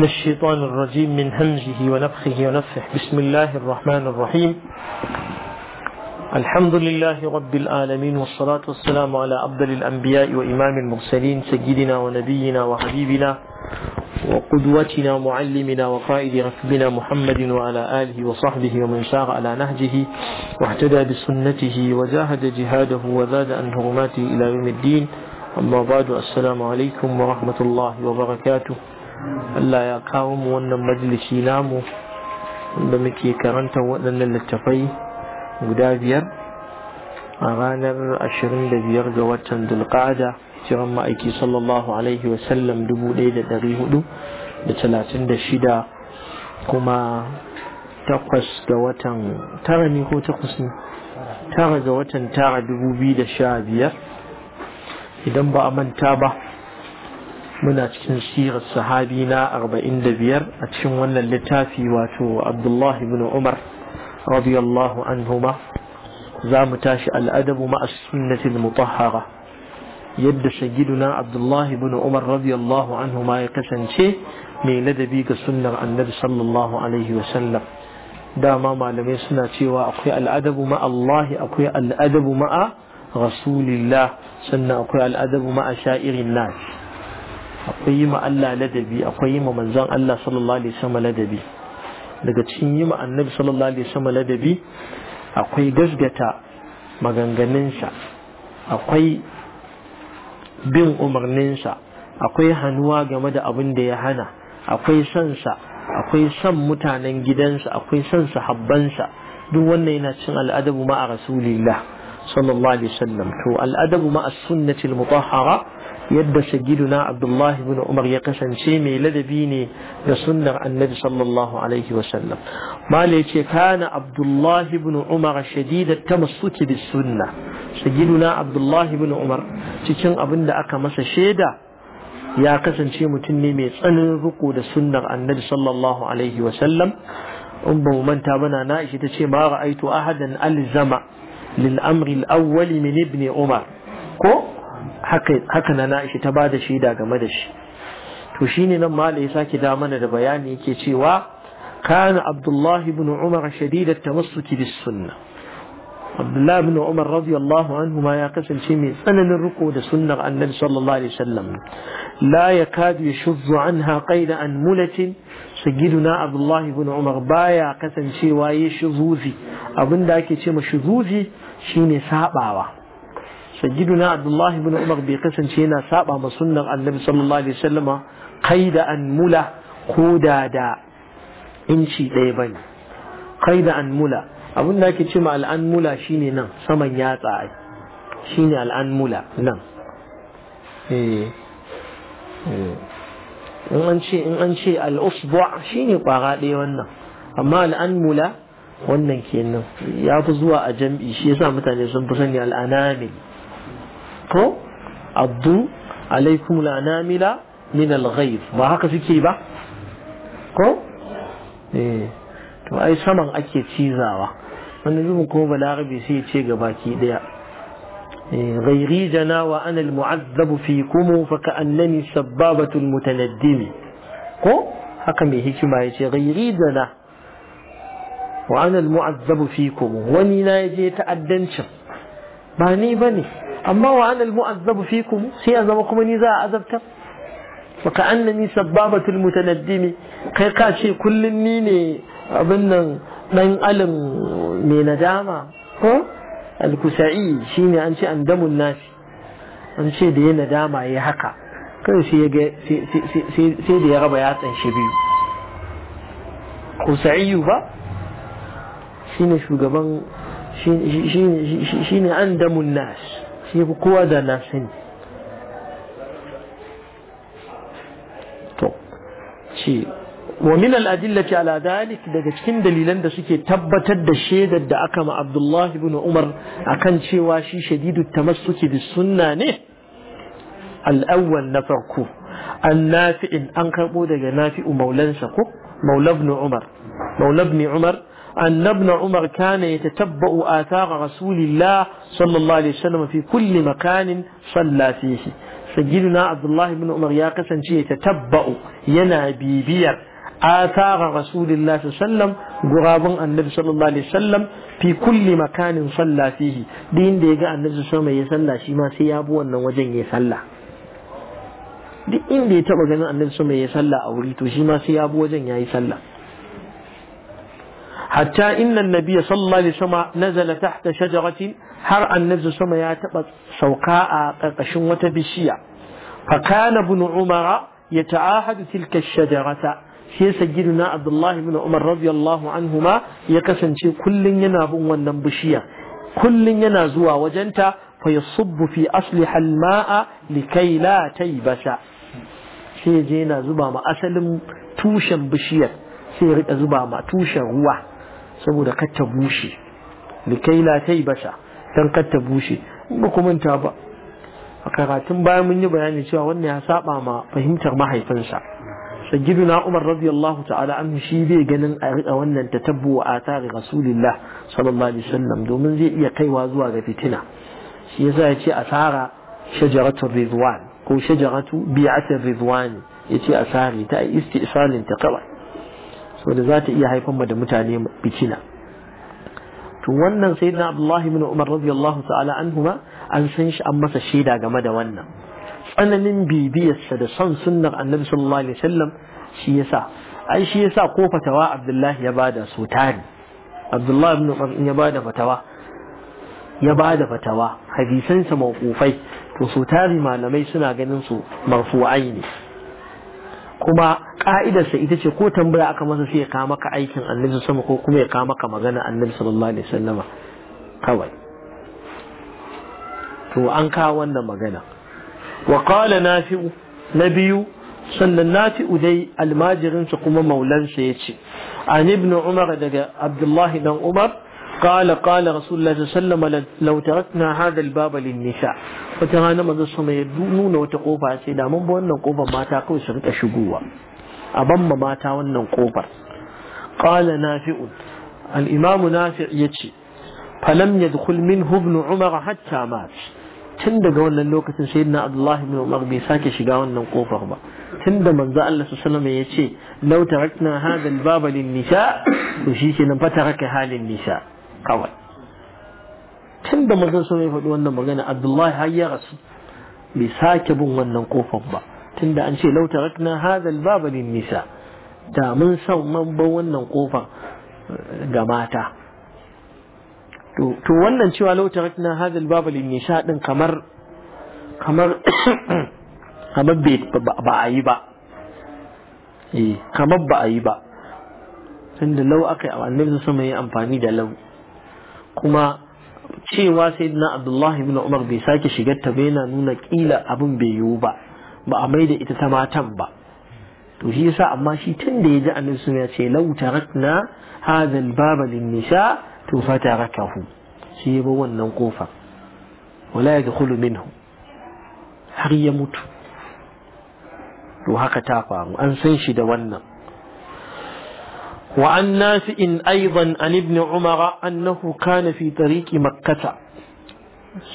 من الشيطان الرجيم من همزه ونفخه ونفخه بسم الله الرحمن الرحيم الحمد لله رب العالمين والصلاة والسلام على أفضل الأنبياء وإمام المرسلين سيدنا ونبينا وحبيبنا وقدوتنا معلمنا وقائد ركبنا محمد وعلى آله وصحبه ومن سار على نهجه واهتدى بسنته وزاهد جهاده وزاد أن هرماته إلى يوم الدين أما بعد السلام عليكم ورحمة الله وبركاته Allah ya kawo mu wannan majalisi namu wanda muke karanta waɗannan littafai guda biyar a ranar 25 ga watan dulqada Kiran ma'aiki sallallahu alaihi wasallam 1436 kuma takwas ga watan tara ne ko takwas ne tara ga watan tara 2015 idan ba a manta ba muna cikin sirar sahabi na 45 a cikin wannan littafi wato abdullahi ibn umar radiyallahu anhuma za mu tashi al'adabu ma'a sunnatin mutahhara yadda shagiduna abdullahi ibn umar radiyallahu anhuma ya kasance mai ladabi ga sunnar annabi sallallahu alaihi wasallam dama malamai suna cewa akwai al'adabu ma'a Allahi akwai al'adabu ma'a rasulillah sannan akwai al'adabu ma'a sha'irin nas akwai yi ma Allah ladabi akwai yi ma manzon Allah sallallahu alaihi wasallam ladabi daga cikin yi ma annabi sallallahu alaihi wasallam ladabi akwai gasgata maganganunsa akwai bin umarninsa akwai hannuwa game da abin da ya hana akwai sansa akwai son mutanen gidansa akwai son sahabbansa duk wannan yana cin al'adabu ma a rasulillah sallallahu alaihi wasallam to al'adabu ma as-sunnatil mutahhara يد سجلنا عبد الله بن عمر يقشا شيمي لدى بيني يصنع النبي صلى الله عليه وسلم ما ليش كان عبد الله بن عمر شديد التمسك بالسنة سجلنا عبد الله بن عمر تشن أبن دعك مسا شيدا يا قسن شيم تنمي أن ذقو السنة النبي صلى الله عليه وسلم أمه من تابنا نائش تشي ما رأيت أحدا ألزم للأمر الأول من ابن عمر haka na na'ishi ta ba da shaida game da shi to shine nan mala ya sake da mana da bayani yake cewa كان عبد الله بن عمر شديد التمسك بالسنة عبد الله بن عمر رضي الله عنهما يا قسم شمي سنن الركوع سنة النبي صلى الله عليه وسلم لا يكاد يشذ عنها قيد أنملة سيدنا عبد الله بن عمر بايا قسم شي واي شذوذي أبن داكي شي مشذوذي شيني سابعوا سيدنا عبد الله بن عمر بقسن شينا سابع ما سنة النبي صلى الله عليه وسلم قيد أن ملا خودا دا إنشي ديبني قيد أن ملا abin da ake ce ma al'anmula shine nan saman yatsa ai shine al'anmula nan in an ce in an ce al'usbu shine kwara ɗaya wannan amma al'anmula wannan kenan ya fi zuwa a jam'i shi yasa mutane sun fi sani al'anamil ko addu alaikum lanamila min alghayb ba haka suke ba ko eh to ai saman ake cizawa wannan zubin ko balarabi sai ce gaba ki daya غيري جنا وأنا المعذب فيكم فكأنني سبابة المتندم ko haka mai hikima ya ce gairi da na wa anal mu'azzabu fikum wani na ya je ta'addancin ba ni ba أما وأنا المؤذب فيكم سيأذبكم أني ذا أذبت وكأنني سبابة المتندم كي كاشي كل نيني أظن من ألم من ندامة الكسائي شيني أنشي أندم الناس أنشي دي ندامة يحكى سي سي da ya raba yatsan shi biyu Husa'iyu ba shine shugaban shine andamun nas في قوادنا حين ومن الأدلة على ذلك دقا كن دليل أن دسكي تبت الدشيد دا أكما عبد الله بن عمر أكن شواشي شديد التمسك بالسنة نه الأول نفركو النافع أنكبو دقا نافع مولان سكو مولى بن عمر مولى بن عمر أن ابن عمر كان يتتبع آثار رسول الله صلى الله عليه وسلم في كل مكان صلى فيه سجلنا عبد الله بن عمر يا قسن يتتبع ينا بيبير آثار رسول الله صلى الله عليه وسلم قراب النبي صلى الله عليه وسلم في كل مكان صلى فيه دين ديقا النبي صلى الله عليه وسلم يسلى شما سيابو أن وجن يسلى دين inda ya taba صلى الله عليه وسلم sallah a wuri to shi ma حتى إن النبي صلى الله عليه وسلم نزل تحت شجرة حر أن نزل سما يعتبر سوقاء قشوة بشيا فكان ابن عمر يتعاهد تلك الشجرة في سجلنا عبد الله بن عمر رضي الله عنهما يكسن كل يناب ونبشيا كل ينازوا وجنتا فيصب في أصلح الماء لكي لا تيبس في جينا زبا ما أسلم توشا بشيا في زبا ما توشا هو saboda kar ta bushe likai la tai basha dan kar ta bushe ba ku manta ba a karatun bayan mun yi bayani cewa wannan ya saba ma fahimtar mahaifinsa sayyiduna Umar radiyallahu ta'ala anhu shi bai ganin a wannan tatabbu wa atari rasulillah sallallahu alaihi wasallam domin zai iya kaiwa zuwa ga fitina shi yasa ya ce asara shajaratul ridwan ko shajaratu bi'atir ridwan yace asari ta istisalin ta kawai saboda za ta iya haifar mu da mutane fitina to wannan sayyidina abdullahi bin umar radiyallahu ta'ala anhuma an san shi an masa shaida game da wannan tsananin bibiyarsa da son sunnar annabi sallallahu alaihi wasallam shi yasa ai shi yasa ko fatawa abdullahi ya bada su tari abdullahi ibn umar ya bada fatawa ya bada fatawa hadisan sa mawqufai to su tari malamai suna ganin su marfu'ai ne kuma ka'idarsa ita ce ko tambaya aka masa sai ya kawo maka aikin annabi sama ko kuma ya kawo maka magana annabi sallallahu alaihi wasallama kawai to an kawo wannan magana wa qala nafi'u nabiyu sannan nafi'u dai almajirinsa kuma maulansa yace an ibn umar daga abdullahi dan umar قال قال رسول الله صلى الله عليه وسلم لو تركنا هذا الباب للنساء وترانا ما sama ya nuna wata kofa sai da mun ba wannan kofar mata kawai su rika shigowa a bamma mata wannan kofar qala nafi'un al-imam nafi' yace falam yadkhul minhu ibn umar hatta mat tun daga wannan lokacin sayyidina abdullah ibn umar bai sake shiga wannan kofar ba tun da manzo Allah su salama ya ce lau tarakna hadha al-baba lin nisa to shi kenan fa taraka halin nisa kawai tun da mazan sun ya faɗi wannan magana abdullahi har ya rasu bai sake bin wannan kofar ba tun da an ce lauta rakna hazal babalin nisa da mun san man ba wannan kofar eh, ga mata to wannan cewa lauta rakna hazal babalin nisa din kamar kamar eh, kamar ba a yi ba kamar ba a yi ba tunda lau aka yi a wannan sun yi amfani da lau kuma cewa sai na abdullahi ibn umar bai sake shigar ta bai nuna kila abin bai yiwu ba ba a maida ita ta matan ba to shi yasa amma shi tun da ya ji annabi sun ya ce law tarakna hadha al-baba lin-nisa to fatarakahu shi ya ba wannan kofa wala yadkhulu minhu har ya mutu to haka ta faru an san shi da wannan وعن ناس إن أيضا عن ابن عمر أنه كان في طريق مكة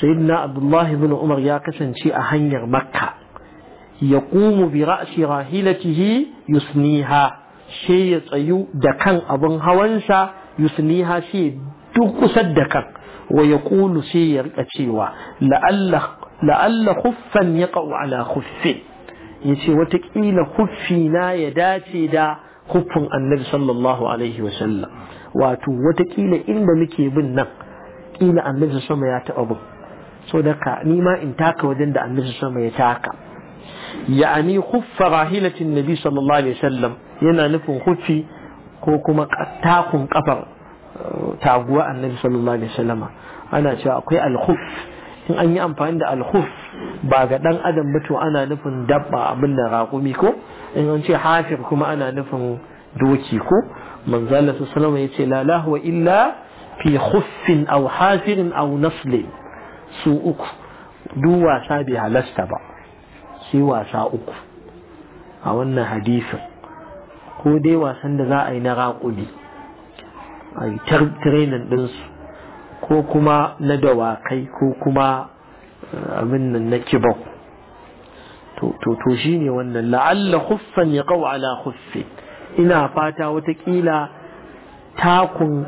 سيدنا عبد الله بن عمر يا شيء أهنير مكة يقوم برأس راحلته يسنيها شيء يتأيو دكان أبن هوانسا يسنيها شيء دوك سدكان ويقول شيء يرأتيوا لألا لألا خفا يقع على خفه يسي وتكيل خفي يداتي دا hukun annabi sallallahu alaihi wa sallam wato watakila inda muke bin nan kila annabi sallallahu alaihi wa sallam ya taba bin so ka ni ma in taka wajen da annabi sallallahu alaihi wa sallam ya taka ya'ani khuffa rahilatin nabi sallallahu alaihi wa sallam yana nufin khuffi ko kuma takun kafar taguwa annabi sallallahu alaihi wa sallama ana cewa akwai al-khuff in an yi amfani da alhuf ba ga dan adam ba to ana nufin dabba abin da raƙumi ko in an ce hafir kuma ana nufin doki ko manzala su salama ya ce la illa fi khuffin aw hafirin aw naslin su uku duk wasa bai halasta ba sai wasa uku a wannan hadisin ko dai wasan da za a yi na raƙumi a yi training ɗinsu ko kuma na dawakai ko kuma abin nan na kibau to to shine wannan la'alla khuffan yaqau ala khuffi ina fata wata kila takun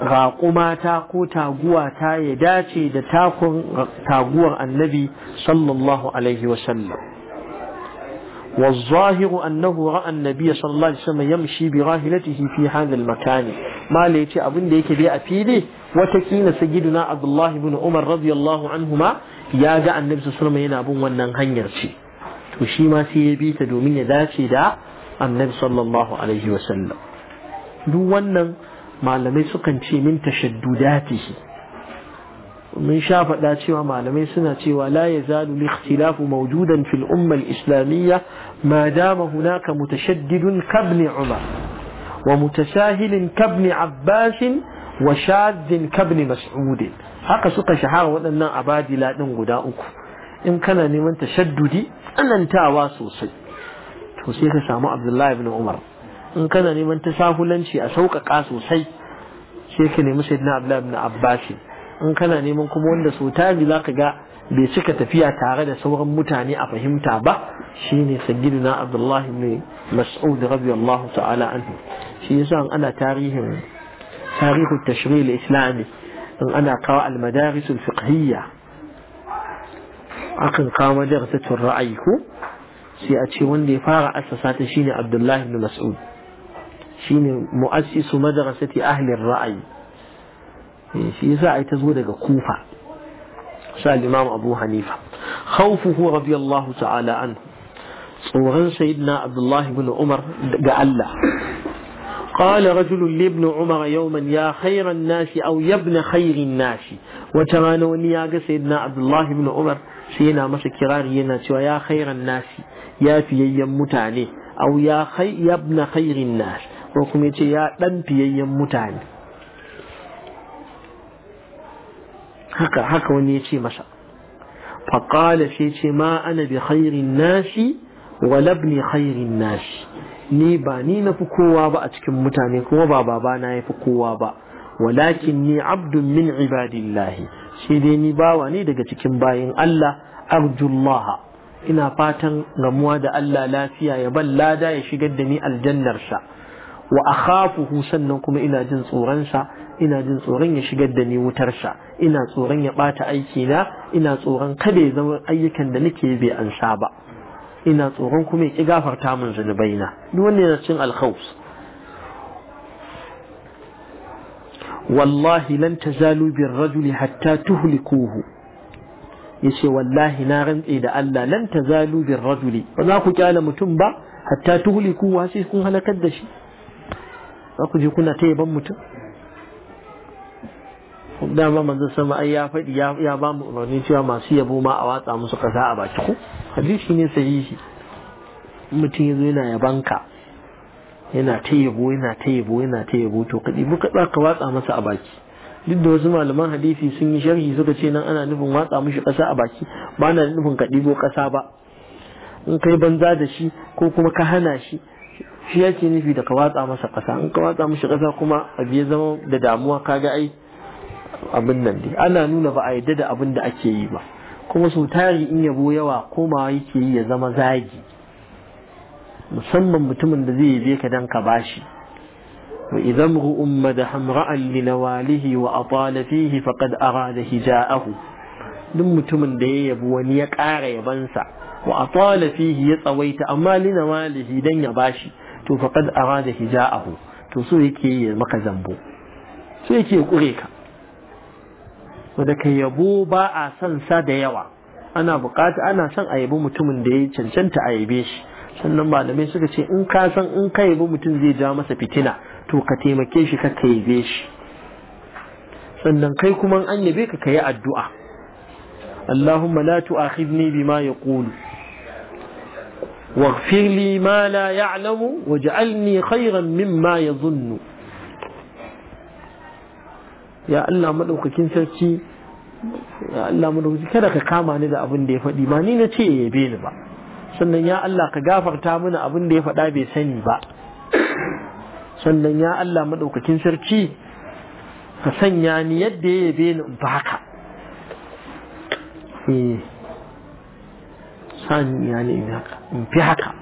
raquma ta ko taguwa ta ya dace da takun taguwar annabi sallallahu alaihi wasallam والظاهر أنه رأى النبي صلى الله عليه وسلم يمشي براهلته في هذا المكان ما ليتي أبن ديك بي أفيلي وتكين سيدنا عبد الله بن عمر رضي الله عنهما يا جاء النبي صلى الله عليه وسلم ينابون ونن هنيرشي وشي ما سيبي تدومين ذاتي دا النبي صلى الله عليه وسلم دو ونن ما لم يسقن من تشدداته من شاف لا سوى ما لم يسنى سوى لا يزال الاختلاف موجودا في الأمة الإسلامية ما دام هناك متشدد كابن عمر ومتساهل كابن عباس وشاذ كابن مسعود حقا سقى شحارة وأننا عبادي لا ننقدا إن كان لمن تشدد أن أنت أواسو صد توسيك سامو عبد الله بن عمر إن كان لمن تساهل أن شيء أسوك أقاسو صد شيك لمسيدنا عبد الله بن عباس in kana neman kuma wanda so tari za ka ga bai cika tafiya tare da sauran mutane a fahimta ba shine sayyidina abdullahi ibn mas'ud radiyallahu ta'ala anhu shi yasa an ana tarihin tarihu tashri' al-islami in ana kawo al-madaris al-fiqhiyya akan kawo madrasatul ra'ayi ko sai a ce wanda ya fara assasa ta shine abdullahi ibn mas'ud shine mu'assisu madrasati ahli ar-ra'ayi shi yasa ai ta zo daga kufa sa al-imam abu hanifa khawfuhu radiyallahu ta'ala anhu tsoron sayyidina abdullahi ibn umar ga Allah قال رجل لابن عمر يوما يا خير الناس او يا ابن خير الناس وترانا وني يا سيدنا عبد الله بن عمر سينا مسا كراري ينا cewa يا خير الناس يا fiyayyen mutane او يا خير يا ابن خير الناس ko kuma yace ya dan fiyayyen mutane haka haka wani ya ce masa faƙala sai ce ma ana bi khairin nasi wala ibn khairin nasi ni ba ni na fi kowa ba a cikin mutane kuma ba baba na ya fi kowa ba walakin ni abdun min ibadillahi shi dai ni bawa ne daga cikin bayin Allah arjullaha ina fatan gamuwa da Allah lafiya ya ban lada ya shigar da ni aljannarsa wa akhafuhu sannan kuma ina jin tsoronsa ina jin tsoron ya shigar da ni wutarsa ina tsoron ya bata aiki na ina tsoron kada ya zama ayyukan da nake bai ansa ba ina tsoron kuma ya ki gafarta min zunubaina duk wannan yana cin alkhaus wallahi lan tazalu bir rajuli hatta tuhlikuhu yace wallahi na rantse da Allah lan tazalu bir rajuli ba za ku kyale mutum ba hatta tuhliku sai kun halakar da shi Aku ku je kuna ta yaban mutum dama manzon sama ai ya faɗi ya ba mu umarni cewa masu yabo ma a watsa musu kasa a baki ko hadisi ne sahihi mutum yazo yana ka? yana ta yabo yana ta yabo yana ta yabo to kadi muka ka watsa masa a baki duk da wasu malaman hadisi sun yi sharhi suka ce nan ana nufin watsa mushi kasa a baki ba na nufin ka ɗibo kasa ba in kai banza da shi ko kuma ka hana shi shi yake nufi da ka watsa masa ƙasa in ka watsa mishi ƙasa kuma abu ya zama da damuwa kaga ai abin nan dai ana nuna ba a yadda da abin da ake yi ba kuma sau tari in yabo yawa komawa yake yi ya zama zagi musamman mutumin da zai yabe ka dan ka bashi wa idan ru'un madahan ra'an linawalihi wa atala fihi faqad arada hija'ahu duk mutumin da ya yabo wani ya ƙara yabansa wa atala fihi ya tsawaita amma linawalihi dan ya bashi to faqad arada hija'ahu to so yake yi maka zambo so yake kure ka wanda kai yabo ba a son sa da yawa ana bukata ana san a mutumin da ya cancanta a shi sannan malamai suka ce in ka san in ka yabi mutum zai ja masa fitina to ka taimake shi ka ka yabe shi sannan kai kuma an yabe ka ka yi addu'a Allahumma la ma bima yaqulu واغفر لي ما لا يعلم واجعلني خيرا مما يظن يا الله كين سرتي يا الله مدوكين كذا كاما نزا أبن دي فدي ما نينا تي بيل با سنة يا الله كغافر تامنا أبن دي فدا بيسن با سنة يا الله مدوكين سرتي فسن يعني يدي بيل باكا إيه سن يعني إذاكا in fi haka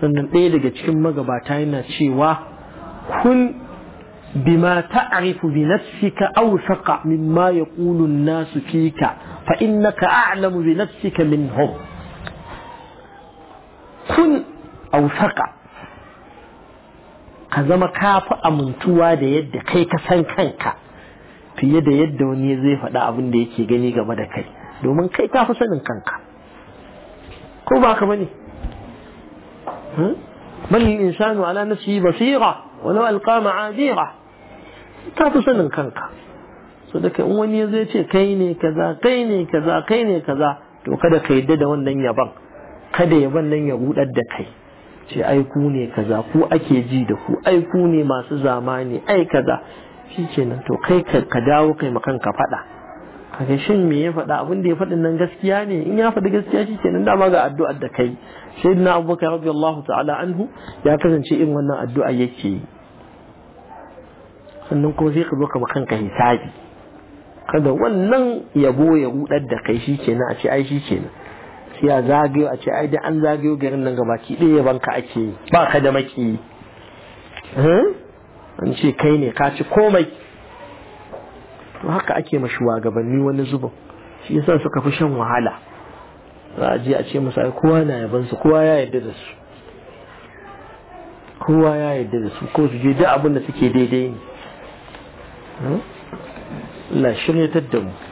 sannan ɗaya daga cikin magabata yana cewa kun bima ta'rifu bi nafsika awsaqa mimma yaqulu an-nasu fika fa innaka a'lamu bi nafsika minhum kun awsaqa ka zama kafi amintuwa da yadda kai ka san kanka fiye da yadda wani zai faɗa abin da yake gani game da kai domin kai ka sanin kanka ko ba ka bane bal insanu ala nafsihi basira walau alqa ma'adira ka fi sanin kanka so da in wani ya zai ce kai ne kaza kai ne kaza kai ne kaza to kada ka yadda da wannan yaban kada yaban nan ya rudar da kai ce ai ku ne kaza ku ake ji da ku ai ku ne masu zamani ai kaza shi kenan to kai ka dawo kai makan ka faɗa kaga shin me ya faɗa abin da ya faɗi nan gaskiya ne in ya faɗi gaskiya shi kenan dama ga addu'ar da kai sayyidina abubakar radiyallahu ta'ala anhu ya kasance irin wannan addu'a yake yi sannan kuma sai ka zo ka ba kanka hisabi kada wannan yabo ya rudar da kai shi kenan a ce ai shi kenan sai ya zagayo a ce ai da an zagayo garin nan gabaki ɗaya ya ka ake ba ka da maki eh? an ce kai ne ka ci komai to haka ake ma shugabanni wani zuba, shi yasa suka fi shan wahala za a je a ce masu ai kowa na yaban su kowa ya yarda da su kowa ya yarda da su ko su je duk abin da suke daidai ne hmm? Allah shiryatar da mu